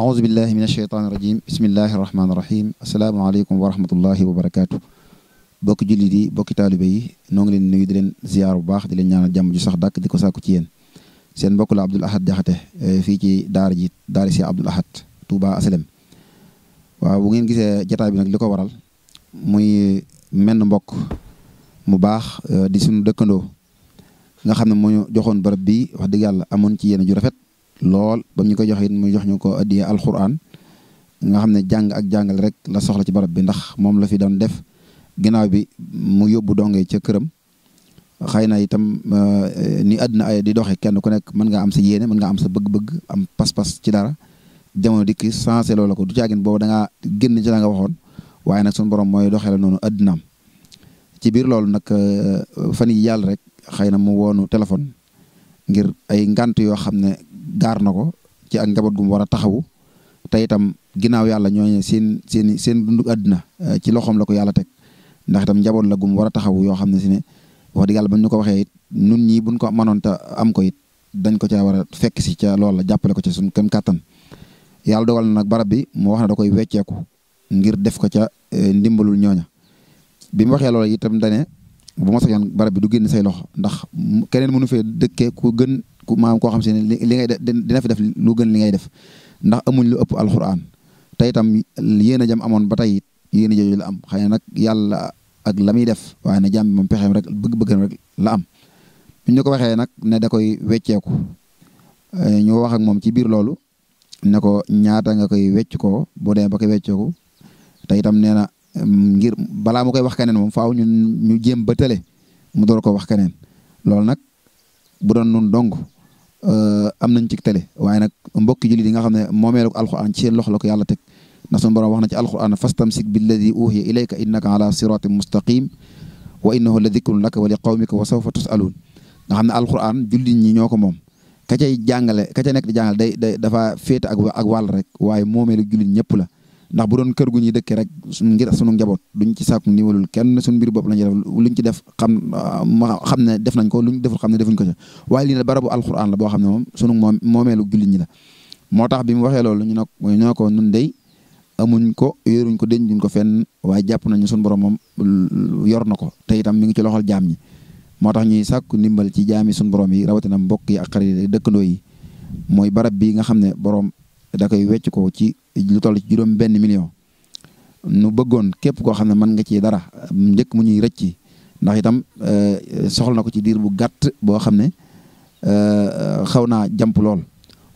aouzu billahi min asheytaani rajim bismillahi rahmaani rahim asalaamaaleykum wa rahmatullahi wa barakaatu bokki jullit yi bokki taalibe yi noo leen nuyu di leen ziyaar bu baax di leen ñaanal jàmm ju sax dàkk di ko sàkku ci yéen seen mbokk la Abdoul Ahad Jaxate eh, fii ci daara ji daara si Abdoul Ahad Touba Asalem waaw bu ngeen gisee jataay bi nag li ko waral muy menn mbokk mu baax eh, di suñu dëkkandoo nga xam ne moo joxoon barab bi wax dëgg yàlla amoon ci yéen ju rafet lool ba ñu ko jox it mu jox ñu ko addiya alquran nga xam ne jàng ak jàngal rek la soxla ci barab bi ndax moom la fi doon def ginnaaw bi mu yóbbu donge ca këram xëy na itam eh, ni àddina ay di doxee kenn ku nekk mën nga am sa yéene mën ngaa am sa bëgg-bëgg am pas-pas ci dara jamono dikki sensé loola ko du caagin boobu da génn ci la nga waxoon waaye nag suñu borom mooy doxee la noonu àddinaam ci biir loolu nag eh, fan yi yàlla rek xëy na mu woonu téléphone ngir ay ngant yoo xam ne gaar na ko ci ak njaboot gu mu war a taxawu te itam ginnaaw yàlla ñooñu seen seen seen dundu àddina eh, ci loxoom la ko yàlla teg ndax itam njaboot la gum mu war a taxawu yoo xam ne si ne wax dëgg yàlla ñu ko waxee it nun ñii buñ ko mënoon ta am ko it dañ ko caa war a fekk si ca loolu la jàppale ko ci suñ kem kàttan yàlla dogal na nag barab bi moo wax da koy wecceeku ngir def ko ca eh, ndimbalul ñooña bi mu waxee loolu dane bu ma sañoon barab bi du génn say loxo ndax keneen mënu fee dëkkee ku gën ku maam koo xam si ne li ngay def dina fi def lu gën li ngay def ndax amuñ lu ëpp alxuraan te itam yéen a jam amoon ba tey yéen a jooju la am xëy na nag yàlla ak la muy def waaye ne jàmm moom pexeem rek bëgg-bëggam rek la am bi ñu ko waxee nag ne da koy wecceeku eh, ñu wax ak moom ci biir loolu ne ko ñaata nga koy wecc ko boo demee ba koy wecceeku te itam nee na ngir balaa mu koy wax keneen moom faaw ñun ñu jéem ba tële mu door ko wax keneen loolu nag bu doon nun dong euh, am nañ ci tële waaye nag mbokki jullit yi nga xam ne moomeelu alquran ci seen loxo la ko yàlla teg ndax suñu borom wax na ci alquran fastamsik billadi uhiya ilayka innaka ala siratin mustaqim wa innahu la dikrun laka wa li qawmika wa sawfa tusaluun nga xam ne alquran jullit ñi ñoo ko moom ka cay jàngale ka cay nekk di jàngale day day dafa féete ak ak wàll rek waaye moomeelu julli ñëpp la ndax bu doon kër gu ñuy dëkkee rek ngir sunu njaboot duñ ci sàkku ndimalul kenn suñu mbir bopp lañuy def luñ ci def xam xam ne def nañ ko luñ deful xam ne defuñ ko ci waaye lii ne barabu alxuraan la boo xam ne moom sunu moom moomeelu jullit ñi la moo tax bi mu waxee loolu ñu ne ñoo ko nun dey amuñ ko yoruñ ko denc duñ ko fen waaye jàpp nañu sunu borom moom yor na ko te itam mi ngi ci loxol jaam ñi moo tax ñuy sàkku ndimbal ci jaami sunu borom yi rawatina mbokk yi ak xarit dëkkandoo yi mooy barab bi nga xam ne boroom da yi wecc ko ci lu toll ci juróom benn million nu bëggoon képp koo xam ne mën nga ci dara njëkk mu ñuy rëcc ndax itam euh, soxla na ko ci diir bu gàtt boo xam ne euh, xaw naa jamp lool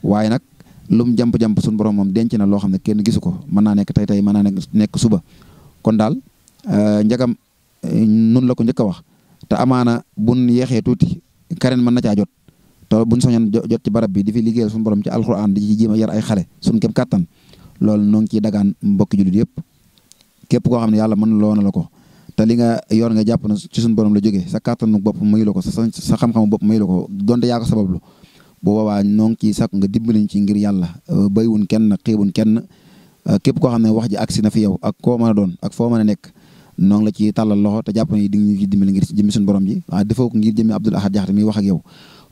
waaye nag lum jàmp-jàmp suñu borom moom denc na loo xam ne kenn gisu ko mën naa nekk tey tey mën naa nekk suba kon daal euh, njagam nun la ko njëkk wax te amaana bun yeexee tuuti karen mën na caa jot te buñ soñan jot ci barab bi di fi liggéeyal suñu borom ci alxuraan di ci jéem a yar ay xale suñ kem kàttan loolu nong ngi ciy dagaan mbokki jullit yëpp képp koo xam ne yàlla mën loo na la ko te li nga yoon nga jàpp na ci suñu borom la jógee sa kàttanu bopp mayu la ko sa sa xam bopp mayu la ko donte yaa ko sabablu bu boobaa noo ngi ciy sàkku nga dimbaliñ ci ngir yàlla euh, baywun kenn xiibun kenn euh, képp koo xam ne wax ji ak si na fi yow ak koo a doon ak foo mën a nekk noo ngi la ci tàllal loxo te jàpp ne di nga ñu ci dimbali ngir jëmmi suñu borom ji waaye defoo ko ngir jëmmi Abdoul Ahad Jaxate mi wax ak yow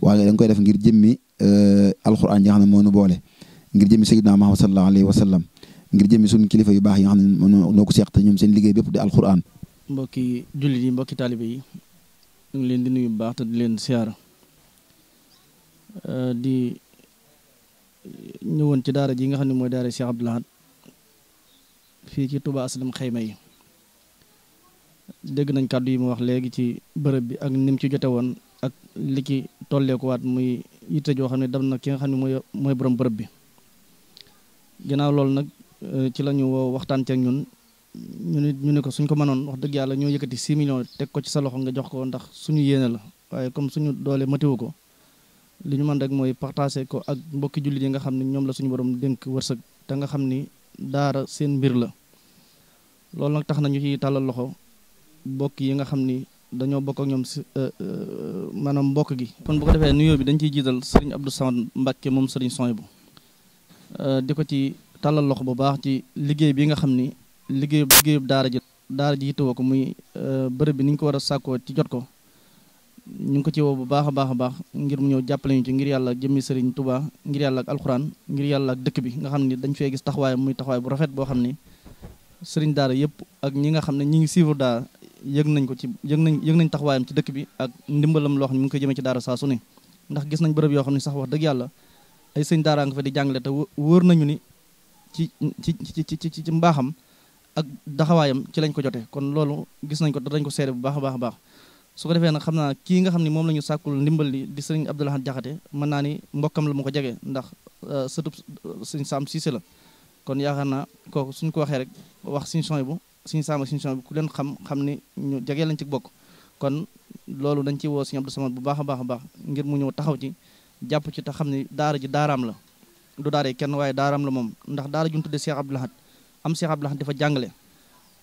waaye da nga koy jëmmi euh, alxuraan ji nga xam moo nu boole ngir jëmi sayyidina Muhammad sallallahu alayhi wa sallam ngir jëmi suñu kilifa yu baax yi nga xam ne noo ko seex te ñoom seen liggéey bépp di alquran mbokki jullit yi mbokki taalibe yi ñu ngi leen di nuyu bu baax te di leen siyaara euh, di ñëwoon ci daara ji nga xam ne mooy daara Cheikh Abdoul Ahad fii ci tubaa Aslam xayma yi dégg nañ kàddu yi mu wax léegi ci bërëb bi ak nim ci jote woon ak li ci tolleekuwaat muy yitte joo xam ne dam na ki nga xam ne mooy mooy borom bërëb bi ginnaaw loolu nag euh, ci la ñu woo waxtaan ceeg ñun ñu ne ñu ne ko suñ ko mënoon wax dëgg yàlla ñoo yëkkati 6 millions teg ko ci sa loxo nga jox ko ndax suñu yéene la waaye comme suñu doole matiwu ko li ñu mën rek mooy partagé ko ak mbokki jullit nga xam ne ñoom la suñu borom dénk wërsëg te nga xam ni daara seen mbir la loolu nag tax nañu ci tàllal loxo mbokk yi nga xam ni dañoo bokk ak ñoom si euh, euh, maanaam mbokk gi kon bu ko defee nuyoo bi dañ ciy jiital sëriñ Abdou Samad Mbacke moom sëriñ Soy bu Euh, di ko ci tàllal loxo bu baax ci liggéey bii nga xam ni liggéey liggéeyub daara ji daara ji yittewoo ko muy euh, bërëb bi ni ko war a sàkkoo ci jot ko ñu ngi ko ci bu baax a baax baax ngir mu ñëw jàppale ñu ci ngir yàlla jëmmi sëriñ tubaa ngir yàlla ak alxuraan ngir yàlla ak dëkk bi nga xam ni dañ fee gis taxawaay muy taxawaay bu rafet boo xam ni sëriñ daara yëpp ak ñi nga xam ne ñi ngi suivre daara yëg nañ ko ci yëg nañ yëg nañ taxawaayam ci dëkk bi ak ndimbalam loo xam ne mu ngi ko jëmee ci daara saa su ne ndax gis nañ bërëb yoo xam ne sax wax dëgg yàlla ay sëñ daara nga fa di jàngale te wóor nañu ni ci ci ci ci ci mbaaxam ak daxawaayam ci lañ ko jotee kon loolu gis nañ ko dañ ko seede bu baax a baax a baax su ko defee nag xam naa kii nga xam ni moom la ñu sàkkul ndimbal li di sëriñ Abdou Lahad Jaxate mën naa ni mbokkam la mu ko jege ndax euh, sëtub euh, sëñ Saam Siise la kon yaakaar naa kooku suñ ko waxee rek wax suñ son bu suñ saam ak suñ son bu ku leen xam xam ni ñu jege lañ ci bokk kon loolu dañ ci woo sëñ Abdou bu baax a baax a baax ngir mu ñëw taxaw ci jàpp ci te xam ne daara ji daaraam la du daara kenn waaye daaraam la moom ndax daara ju ñu tuddee Cheikh Abdou Lahad am Cheikh Abdou Lahad dafa jàngale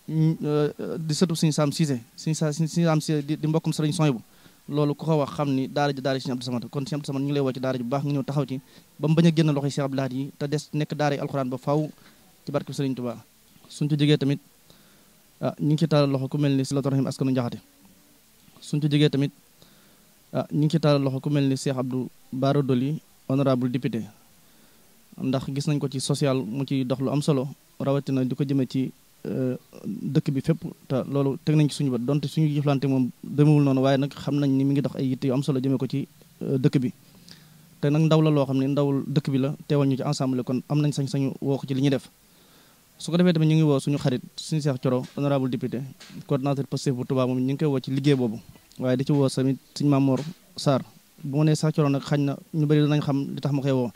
euh, di sëtu Sëriñ Sam Cissé Sëriñ Sam Cissé di mbokkum Sëriñ Soyibu loolu ku ko wax xam ni daara ji daara ji Sëriñ Abdou kon Sëriñ Abdou Samad ñu ngi lay woo ci daara ji bu baax nga ñëw taxaw ci ba mu bañ a génn loxoy Cheikh Abdou yi te des nekk daara yi alxuraan ba faw ci ci jógee tamit ah ñu ngi ci tàllal loxo ku mel ni si la torahim askanu njaxate suñu ci jógee tamit ah ñu ngi ci tàllal loxo ku mel ni Cheikh Abdou Bara Dolly honorable député ndax gis nañ ko ci social mu ci dox lu am solo rawatina di ko jëmee ci eh, dëkk bi fépp te loolu teg nañ ci suñu bët donte suñu jëflante moom demewul noonu waaye nag xam nañ ni mi ngi dox ay yitte yu am solo jëmee ko ci eh, dëkk bi te nag ndaw la loo xam ne ndawul dëkk bi la teewal ñu ci ensemble kon am nañ sañ-sañu woo ci li ñu def su ko defee tamit ñu ngi woo suñu xarit suñu Cheikh Thioro honorable député coordinateur Pastef bu Touba moom ñu ngi koy woo ci liggéey boobu waaye di ci woo tamit suñu Mamour Sarr bu ma nee Cheikh Thioro nag xañ na ñu bari danañ xam li tax ma koy woo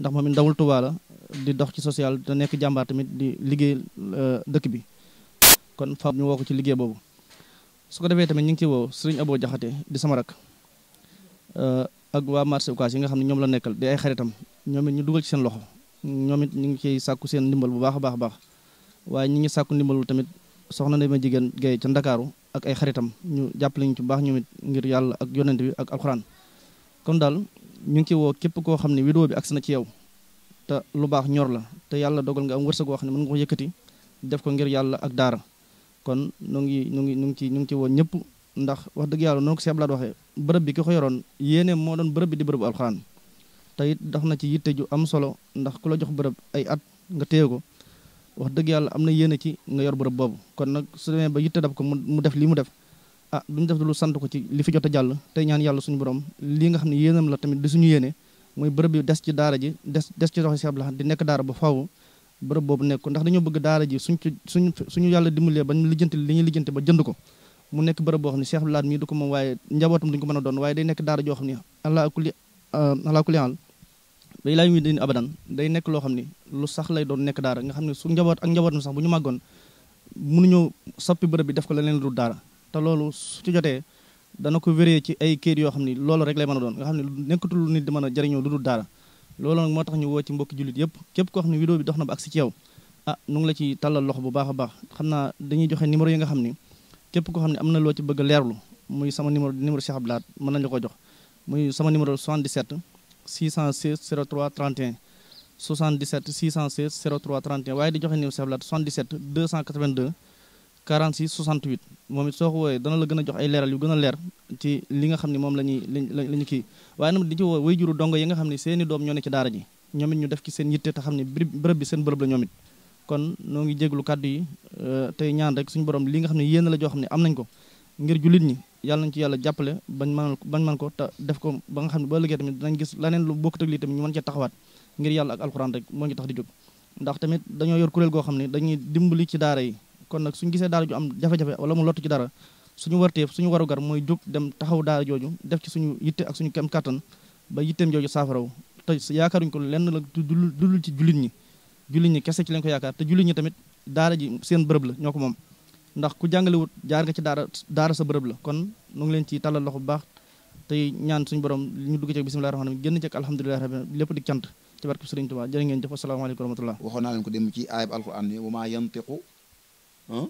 ndax moom it ndawul Touba di dox ci social da nekk jàmbaar tamit di liggéey euh, dëkk bi kon fa ñu woo ko ci liggéey boobu su ko defee tamit ñu ngi ci woo Serigne Abo Jaxate di sama rak euh, ak waa marché Ocass yi nga xam ne ñoom la nekkal di ay xaritam ñoom it ñu dugal seen loxo ñoom it ñu ngi ciy sàkku seen ndimbal bu baax a baax baax waaye ñu ngi sàkku ndimbalul tamit soxna Ndeye ma jigéen gay ca ndakaaru ak ay xaritam ñu jàppale ñu ci baax ñoom ngir yàlla ak yonent bi ak alxuraan kon daal ñu ngi ci woo képp koo xam ne vidéo bi agsi na ci yow te lu baax ñor la te yàlla dogal nga am wërsëg wax ne mën nga ko yëkkati def ko ngir yàlla ak daara kon nu ngi nu ngi nu ngi ci ñu ngi ci woo ñëpp ndax wax dëgg yàlla noonu ko seeb Abdoulaye doxe bërëb bi ki ko yoroon yéene moo doon bërëb bi di bërëbu alxuraan te it dox na ci yitte ju am solo ndax ku la jox bërëb ay at nga téye ko wax dëgg yàlla am na yéene ci nga yor bërëb boobu kon nag su ba yitte daf ko mu def lii mu def ah duñu def lu sant ko ci li fi jot a jàll te ñaan yàlla suñu borom lii nga xam ne yéenam la tamit di suñu yéene mooy bërëb yu des ci daara ji des des ci loxo si Abdou Lahad di nekk daara ba faaw bërëb boobu nekk ndax dañoo bëgg daara ji suñ ci suñ suñu yàlla dimbalee ba ñu lijjanti li ñuy lijjanti ba jënd ko mu nekk bërëb boo xam ne Cheikh Abdou Lahad mii du ko moom waaye mën a waaye day nekk daara joo xam ne àla kulli àla kulli day laa muy din day nekk loo xam lu sax lay doon nekk daara nga xam ne su njaboot ak njabootam sax bu ñu màggoon mënuñoo soppi bërëb bi def ko leneen lu daara te loolu su ci jotee dana ko wéree ci ay kayit yoo xam ni loolu rek lay mën a doon nga xam ne nekkatul lu nit di mën a jëriñoo lu dul daara loolu nag moo tax ñu woo ci mbokki jullit yëpp képp koo xam ne vidéo bi dox na ba ak ci yow ah nu ngi la ci tàllal loxo bu baax a baax xam naa dañuy joxe numéro yi nga xam ni képp koo xam ne am na loo ci bëgg a leerlu muy sama numéro numéro Cheikh Abdou Lahad mën nañu ko jox muy sama numéro 77 616 03 31 77 616 03 31 waaye di joxe numéro Cheikh Abdou Lahad 77 282 46 68 moom it soo ko wooyee dana la gën a jox ay leeral yu gën a leer ci li xam ne moom la ñuy la ñu kii waaye nag di ci woo way juru dongo yi nga xam ne seeni doom ñoo ne ci daara ji ñoom ñu def ci seen yitte te xam ne bërëb bi seen bërëb la ñoom it kon noo ngi jéglu kàddu yi euh, tey ñaan rek suñu borom li nga xam ne yéen la joo xam ne am nañ ko ngir jullit ñi yàlla nañ ci yàlla jàppale bañ mën bañ mën ko te def ko ba nga xam ne ba ëllëgee tamit dinañ gis leneen lu bokk ak lii tamit ñu mën cee taxawaat ngir yàlla ak alxuraan rek moo ngi tax di jóg ndax tamit dañoo yor kuréel goo xam ne dañuy dimbali ci daara yi kon nag suñu gisee daara ju am jafe-jafe wala mu lottu ci dara suñu warteef suñu warugar mooy jóg dem taxaw daara jooju def ci suñu yitte ak suñu kem kàttan ba yitteem jooju saafaraw te yaakaaruñ ko lenn la dulul ci jullit ñi jullit ñi kese ci lañ yaakaar te jullit ñi tamit daara ji seen bërëb la ñoo moom ndax ku jàngalewut jaar nga ci daara daara sa bërëb la kon nu ngi leen ci tàllal loxo bu baax tey ñaan suñ suñu borom ñu dugg ci bismillahi rahmaani rahim génn ci alhamdulillahi rabbil lépp di cant ci barke sëriñ Tuubaa jërë ngeen jëf asalaamaaleykum wa rahmatullah waxoon naa leen ko dem ci ayab alquran ni wa maa yantiqu ah,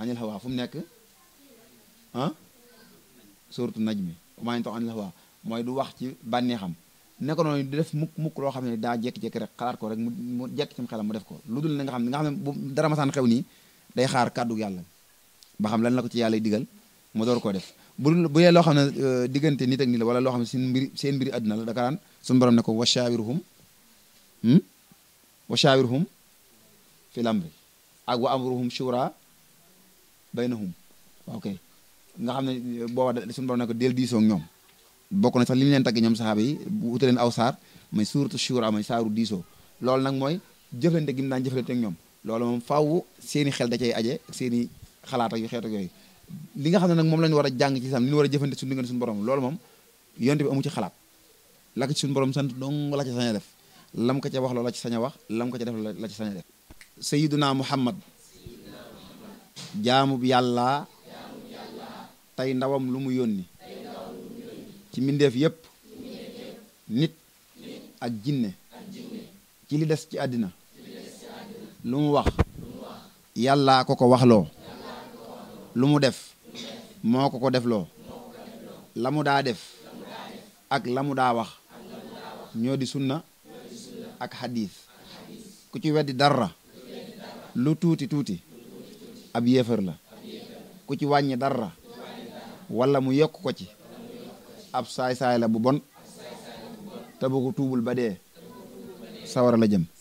anil fu mu nekk ah suratu najmi wa maa yantiqu anil hawa mooy du wax ci bànneexam nekk noonu di def mukk mukk loo xam ne daa jekki-jekki rek xalaat ko rek mu jekk ci xelam mu def ko lu dul ne nga xam ne nga xam ne bu dara masaan xew nii day xaar kàddu yàlla ba xam lan na ko ci yàlla digal mu door koo def bu bu dee loo xam ne euh, diggante nit ak nit la wala loo xam ne seen mbiri seen mbiri àdduna la dakaraan suñu borom ne ko wachaawirhum hmm? wachaawirhum fil amri ak wa amruhum shura baynahum waaw kay xam ne euh, booba suñu borom ne ko del diisoo ñoom bokk na sax li ñu leen tagg ñoom saxaaba bu wute leen aw saar may suuratu shura may saaru diisoo loolu nag mooy jëflante gi mu daan jëflante ak ñoom loolu moom faw seeni xel da cay aje ak seen i xalaat yu xeet ak yooyu li nga xam ne nag moom lañu war a jàng ci sam li ñu war a jëfante suñu diggante suñu borom loolu moom yonte bi amu ci xalaat la ko ci suñu borom sant dong la ca sañ def lam ko ca wax loola ci sañ a wax lam ko ca def la ci sañ a def sayiduna muhammad jaamub yàlla tey ndawam lu mu yónni ci mbindeef yépp nit ak jinne ci li des ci àddina lu mu wax yàllaa ko ko waxloo lu mu def moo ko ko defloo la mu daa def ak la mu daa wax ñoo di sunna ak xadiis ku ci weddi dara lu tuuti tuuti ab yéefar la ku ci wàññi darra wala mu yokk ko ci ab saay-saay la bu bon te bu ko tuubul ba dee sawara la jëm